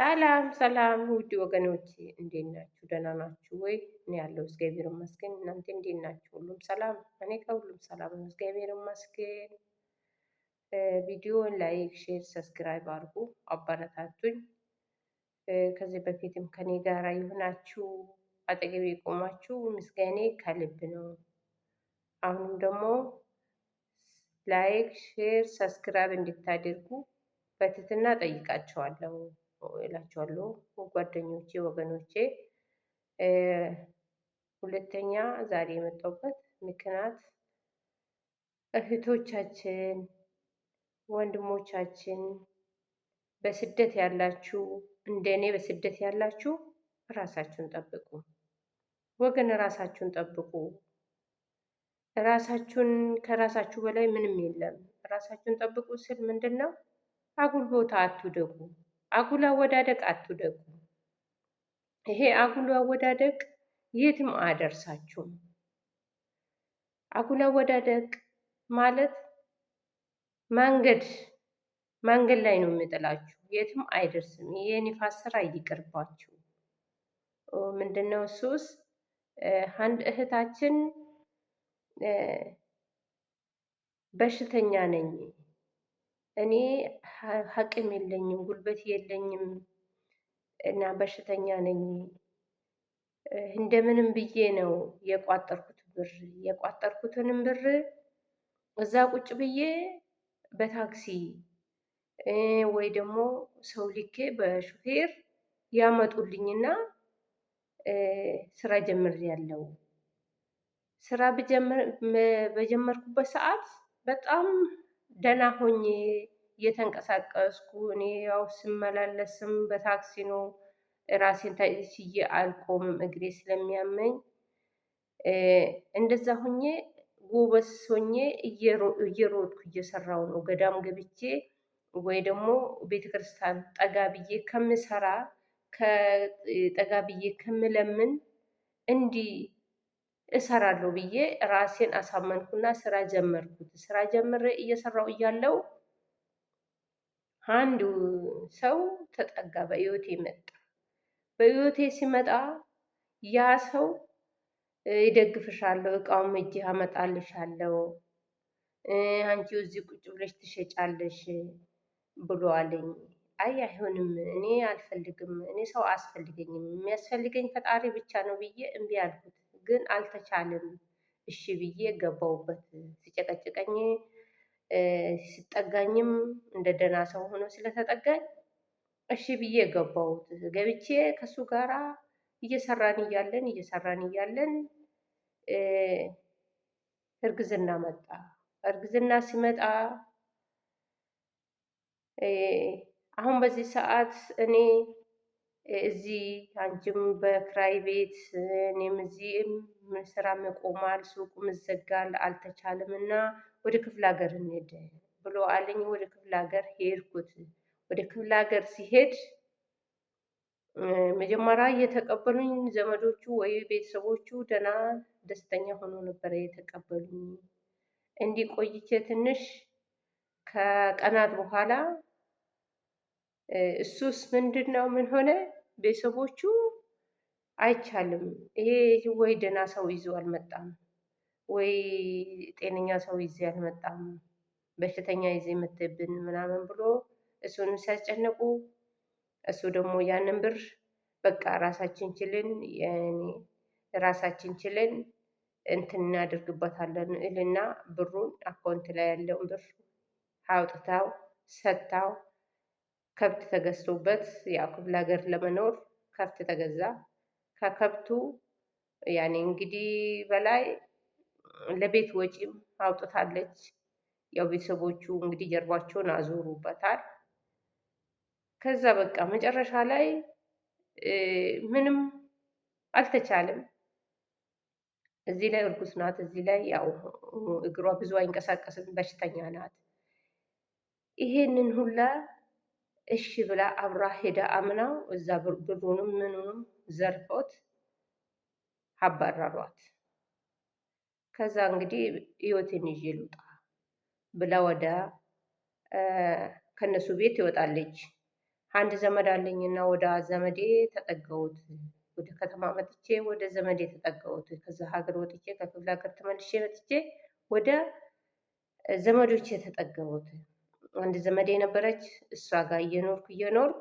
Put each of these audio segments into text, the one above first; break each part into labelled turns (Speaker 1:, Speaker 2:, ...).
Speaker 1: ሰላም ሰላም ውድ ወገኖች እንዴት ናችሁ? ደህና ናችሁ ወይ? እኔ ያለው እግዚአብሔር ይመስገን። እናንተ እንዴት ናችሁ? ሁሉም ሰላም? እኔ ከሁሉም ሰላም ነው፣ እግዚአብሔር ይመስገን። ቪዲዮን ላይክ፣ ሼር፣ ሰብስክራይብ አድርጉ፣ አበረታቱኝ። ከዚህ በፊትም ከኔ ጋራ የሆናችሁ አጠገቤ የቆማችሁ ምስጋኔ ከልብ ነው። አሁንም ደግሞ ላይክ፣ ሼር፣ ሰብስክራይብ እንድታደርጉ በትህትና ጠይቃችኋለሁ። እላቸዋለሁ ጓደኞቼ፣ ወገኖቼ። ሁለተኛ ዛሬ የመጣሁበት ምክንያት እህቶቻችን፣ ወንድሞቻችን በስደት ያላችሁ እንደ እኔ በስደት ያላችሁ ራሳችሁን ጠብቁ ወገን፣ ራሳችሁን ጠብቁ። ራሳችሁን ከራሳችሁ በላይ ምንም የለም። ራሳችሁን ጠብቁ ስል ምንድን ነው? አጉል ቦታ አትውደቁ። አጉል አወዳደቅ አትውደቁ። ይሄ አጉል አወዳደቅ የትም አያደርሳችሁም። አጉል አወዳደቅ ማለት መንገድ መንገድ ላይ ነው የሚጥላችሁ፣ የትም አይደርስም። የኒፋስ ስራ ይቅርባችሁ። ምንድነው ሱስ? አንድ እህታችን በሽተኛ ነኝ እኔ ሀቅም የለኝም ጉልበት የለኝም እና በሽተኛ ነኝ እንደምንም ብዬ ነው የቋጠርኩት ብር የቋጠርኩትንም ብር እዛ ቁጭ ብዬ በታክሲ ወይ ደግሞ ሰው ልኬ በሹፌር ያመጡልኝና ስራ ጀምር ያለው ስራ በጀመርኩበት ሰዓት በጣም ደህና ሆኜ እየተንቀሳቀስኩ እኔ ያው ስመላለስም በታክሲ ነው ራሴን ታችዬ አልቆምም እግሬ ስለሚያመኝ እንደዛ ሆኜ ጎበስ ሆኜ እየሮጥኩ እየሰራው ነው። ገዳም ገብቼ ወይ ደግሞ ቤተክርስቲያን ጠጋ ብዬ ከምሰራ ከጠጋ ብዬ ከምለምን እንዲህ እሰራለሁ ብዬ ራሴን አሳመንኩና ስራ ጀመርኩት። ስራ ጀምሬ እየሰራው እያለው አንድ ሰው ተጠጋ፣ በህይወቴ መጣ። በህይወቴ ሲመጣ ያ ሰው ይደግፍሻለሁ፣ እቃውም እጅ አመጣልሻለሁ፣ አንቺ እዚህ ቁጭ ብለሽ ትሸጫለሽ ብሎ አለኝ። አይ አይሆንም፣ እኔ አልፈልግም፣ እኔ ሰው አያስፈልገኝም፣ የሚያስፈልገኝ ፈጣሪ ብቻ ነው ብዬ እምቢ አልኩት። ግን አልተቻለም። እሺ ብዬ ገባውበት። ሲጨቀጭቀኝ ሲጠጋኝም እንደ ደህና ሰው ሆኖ ስለተጠጋኝ እሺ ብዬ ገባውት ገብቼ ከሱ ጋራ እየሰራን እያለን እየሰራን እያለን እርግዝና መጣ። እርግዝና ሲመጣ አሁን በዚህ ሰዓት እኔ እዚህ አንቺም በክራይ ቤት እኔም እዚህም ስራም ቆሟል፣ ሱቁም ይዘጋል፣ አልተቻለም እና ወደ ክፍለ ሀገር እንሄድ ብሎ አለኝ። ወደ ክፍለ ሀገር ሄድኩት። ወደ ክፍለ ሀገር ሲሄድ መጀመሪያ እየተቀበሉኝ ዘመዶቹ ወይ ቤተሰቦቹ ደህና ደስተኛ ሆኖ ነበረ የተቀበሉኝ። እንዲህ ቆይቼ ትንሽ ከቀናት በኋላ እሱስ ምንድን ነው ምን ሆነ ቤተሰቦቹ አይቻልም፣ ይሄ ወይ ደህና ሰው ይዞ አልመጣም፣ ወይ ጤነኛ ሰው ይዜ አልመጣም፣ በሽተኛ ይዜ የምትብን ምናምን ብሎ እሱን ሲያስጨንቁ እሱ ደግሞ ያንን ብር በቃ ራሳችን ችልን ራሳችን ችልን እንትን እናደርግበታለን እልና ብሩን አካውንት ላይ ያለውን ብር አውጥታው ሰጥታው ከብት ተገዝቶበት ያው ክፍለ ሀገር ለመኖር ከብት ተገዛ። ከከብቱ ያኔ እንግዲህ በላይ ለቤት ወጪም አውጥታለች። ያው ቤተሰቦቹ እንግዲህ ጀርባቸውን አዞሩበታል። ከዛ በቃ መጨረሻ ላይ ምንም አልተቻለም። እዚህ ላይ እርጉዝ ናት። እዚህ ላይ ያው እግሯ ብዙ አይንቀሳቀስም፣ በሽተኛ ናት። ይሄንን ሁላ እሺ ብላ አብራ ሄዳ አምና እዛ ብሩንም ምኑንም ዘርፎት አባረሯት። ከዛ እንግዲህ ህይወቴን ይዤ ልውጣ ብላ ወደ ከነሱ ቤት ይወጣለች። አንድ ዘመድ አለኝ እና ወደ ዘመዴ ተጠጋሁት። ወደ ከተማ መጥቼ ወደ ዘመዴ ተጠጋሁት። ከዛ ሀገር ወጥቼ ከክፍለ ሀገር ተመልሼ መጥቼ ወደ ዘመዶቼ ተጠጋሁት። አንድ ዘመድ የነበረች እሷ ጋር እየኖርኩ እየኖርኩ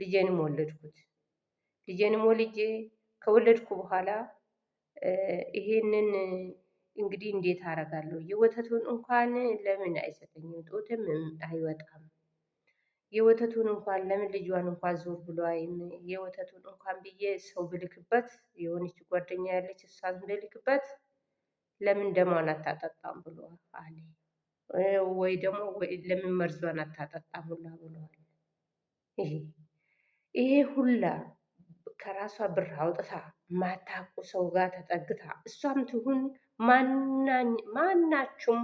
Speaker 1: ልጄንም ወለድኩት። ልጄንም ወልጄ ከወለድኩ በኋላ ይሄንን እንግዲህ እንዴት አደርጋለሁ? የወተቱን እንኳን ለምን አይሰጠኝም? ጦትም አይወጣም። የወተቱን እንኳን ለምን ልጇን እንኳን ዞር ብሎ አይም የወተቱን እንኳን ብዬ ሰው ብልክበት የሆነች ጓደኛ ያለች እሷን ብልክበት ለምን ደሟን አታጠጣም ብሎ አለ። ወይ ደግሞ ለምን መርዟን አታጠጣም ሁላ ብለዋል። ይሄ ይሄ ሁላ ከራሷ ብር አውጥታ ማታቁ ሰው ጋር ተጠግታ እሷም ትሁን ማናችሁም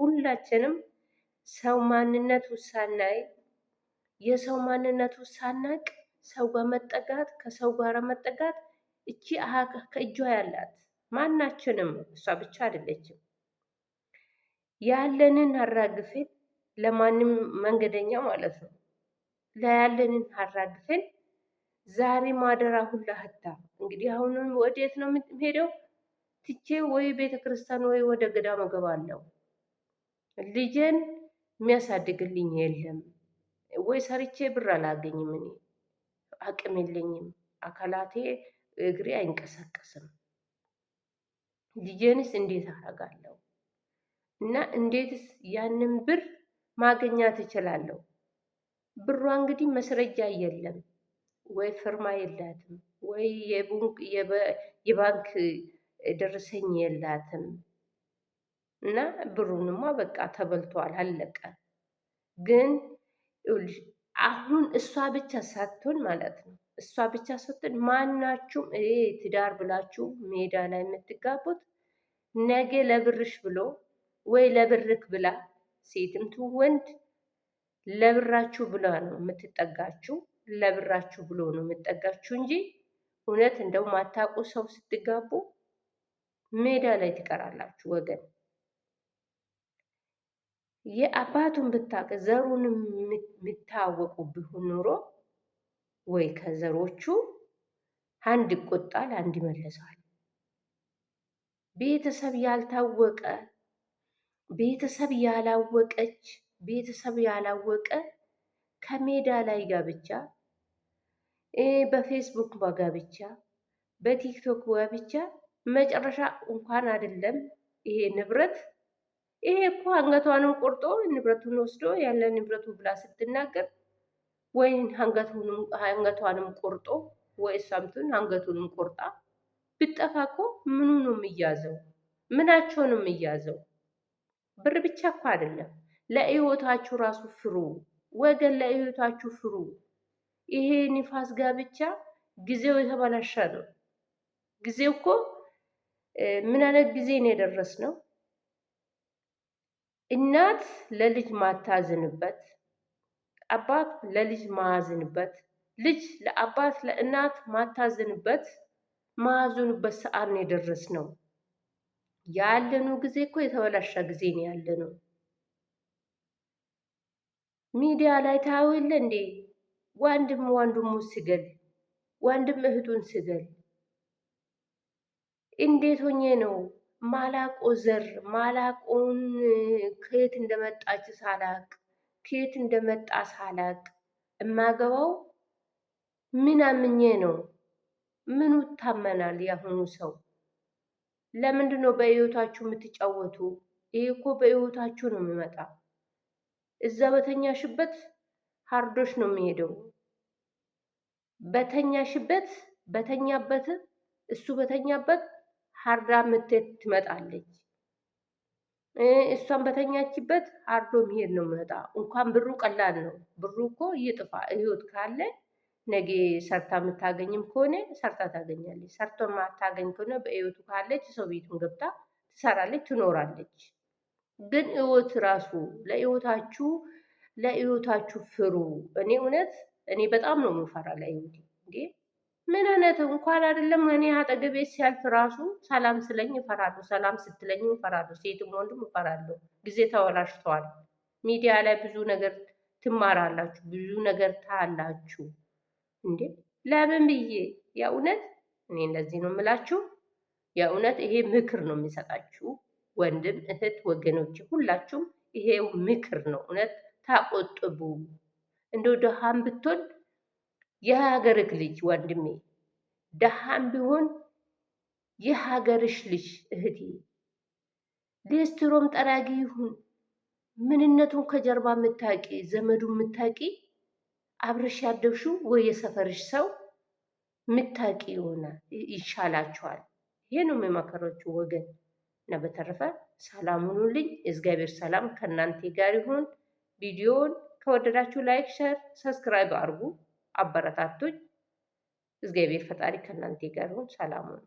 Speaker 1: ሁላችንም ሰው ማንነቱ ሳናይ የሰው ማንነቱ ሳናቅ ሰው ጋር መጠጋት ከሰው ጋር መጠጋት እቺ ከእጇ ያላት ማናችንም እሷ ብቻ አይደለችም። ያለንን አራግፈን ለማንም መንገደኛ ማለት ነው ለያለንን አራግፈን ዛሬ ማደራ ሁላ ህታ እንግዲህ አሁንም ወዴት ነው የምሄደው? ትቼ ወይ ቤተ ክርስቲያን ወይ ወደ ገዳም እገባለሁ። ልጄን የሚያሳድግልኝ የለም ወይ ሰርቼ ብር አላገኝም። እኔ አቅም የለኝም። አካላቴ እግሬ አይንቀሳቀስም። ልጄንስ እንዴት አደርጋለሁ? እና እንዴትስ ያንን ብር ማግኛት እችላለሁ? ብሯ እንግዲህ መስረጃ የለም ወይ ፍርማ የላትም ወይ የባንክ ደረሰኝ የላትም እና ብሩንማ በቃ ተበልቷል፣ አለቀ። ግን አሁን እሷ ብቻ ሳትሆን ማለት ነው እሷ ብቻ ሳትሆን ማናችሁም ይሄ ትዳር ብላችሁ ሜዳ ላይ የምትጋቡት ነገ ለብርሽ ብሎ ወይ ለብርክ ብላ ሴትም ትሁን ወንድ ለብራችሁ ብላ ነው የምትጠጋችሁ። ለብራችሁ ብሎ ነው የምትጠጋችሁ እንጂ እውነት እንደው ማታውቁ ሰው ስትጋቡ ሜዳ ላይ ትቀራላችሁ ወገን። የአባቱን ብታውቅ ዘሩንም የምታወቁ ቢሆን ኖሮ ወይ ከዘሮቹ አንድ ይቆጣል፣ አንድ ይመለሳል። ቤተሰብ ያልታወቀ ቤተሰብ ያላወቀች ቤተሰብ ያላወቀ ከሜዳ ላይ ጋብቻ፣ በፌስቡክ ጋብቻ፣ በቲክቶክ ጋብቻ መጨረሻ እንኳን አይደለም ይሄ ንብረት ይሄ እኮ አንገቷንም ቆርጦ ንብረቱን ወስዶ ያለ ንብረቱ ብላ ስትናገር ወይ አንገቷንም ቆርጦ ወይ ሳምቱን አንገቱንም ቆርጣ ብጠፋ እኮ ምኑ ነው የሚያዘው? ምናቸው ነው የሚያዘው? ብር ብቻ እኮ አይደለም። ለህይወታችሁ ራሱ ፍሩ ወገን፣ ለህይወታችሁ ፍሩ። ይሄ ንፋስ ጋብቻ ጊዜው የተበላሸ ነው። ጊዜው እኮ ምን አይነት ጊዜ ነው የደረስ ነው? እናት ለልጅ ማታዝንበት፣ አባት ለልጅ ማያዝንበት፣ ልጅ ለአባት ለእናት ማታዝንበት ማያዝኑበት ሰዓት ነው የደረስ ነው። ያለነው ጊዜ እኮ የተበላሸ ጊዜ ነው ያለነው። ሚዲያ ላይ ታየው የለ እንዴ? ወንድም ወንድሙ ሲገል፣ ወንድም እህቱን ሲገል እንዴት ሆኜ ነው ማላቆ ዘር ማላቆን ከየት እንደመጣች ሳላቅ ከየት እንደመጣ ሳላቅ እማገባው ምን አምኜ ነው? ምኑ ታመናል ያሁኑ ሰው ለምንድን ነው በህይወታችሁ የምትጫወቱ? ይህ እኮ በህይወታችሁ ነው የሚመጣ። እዛ በተኛሽበት ሀርዶች ነው የሚሄደው። በተኛሽበት በተኛበት እሱ በተኛበት ሀርዳ ምትት ትመጣለች። እሷን በተኛችበት አርዶ መሄድ ነው የሚመጣ። እንኳን ብሩ ቀላል ነው። ብሩ እኮ ይጥፋ፣ ህይወት ካለ ነገ ሰርታ የምታገኝም ከሆነ ሰርታ ታገኛለች። ሰርቶ የማታገኝ ከሆነ በህይወቱ ካለች ሰው ቤቱን ገብታ ትሰራለች፣ ትኖራለች። ግን ህይወት ራሱ ለህይወታችሁ ለህይወታችሁ ፍሩ። እኔ እውነት እኔ በጣም ነው የምፈራ ለህይወቴ እንዴ ምን አይነት እንኳን አይደለም እኔ አጠገቤ ሲያልፍ ራሱ ሰላም ስለኝ እፈራለሁ። ሰላም ስትለኝ እፈራለሁ። ሴትም ወንድም እፈራለሁ። ጊዜ ተወላሽተዋል። ሚዲያ ላይ ብዙ ነገር ትማራላችሁ፣ ብዙ ነገር ታላችሁ። እንዴ ለምን ብዬ የእውነት እኔ እንደዚህ ነው የምላችሁ። የእውነት ይሄ ምክር ነው የሚሰጣችሁ ወንድም እህት ወገኖች ሁላችሁም ይሄ ምክር ነው። እውነት ታቆጥቡ። እንደ ደሃም ብትሆን የሀገርህ ልጅ ወንድሜ፣ ደሃም ቢሆን የሀገርሽ ልጅ እህቴ፣ ሌስትሮም ጠራጊ ይሁን ምንነቱን ከጀርባ የምታቂ ዘመዱ የምታቂ አብረሽ ያደሹ ወይ የሰፈርሽ ሰው ምታቂ የሆነ ይሻላችኋል። ይሄ ነው የመከራችሁ ወገን እና በተረፈ ሰላም ሁኑልኝ። የእግዚአብሔር ሰላም ከእናንተ ጋር ይሁን። ቪዲዮውን ከወደዳችሁ ላይክ፣ ሸር፣ ሰብስክራይብ አድርጉ። አበረታቱኝ እግዚአብሔር ፈጣሪ ከእናንተ ጋር ይሁን። ሰላም ሁኑ።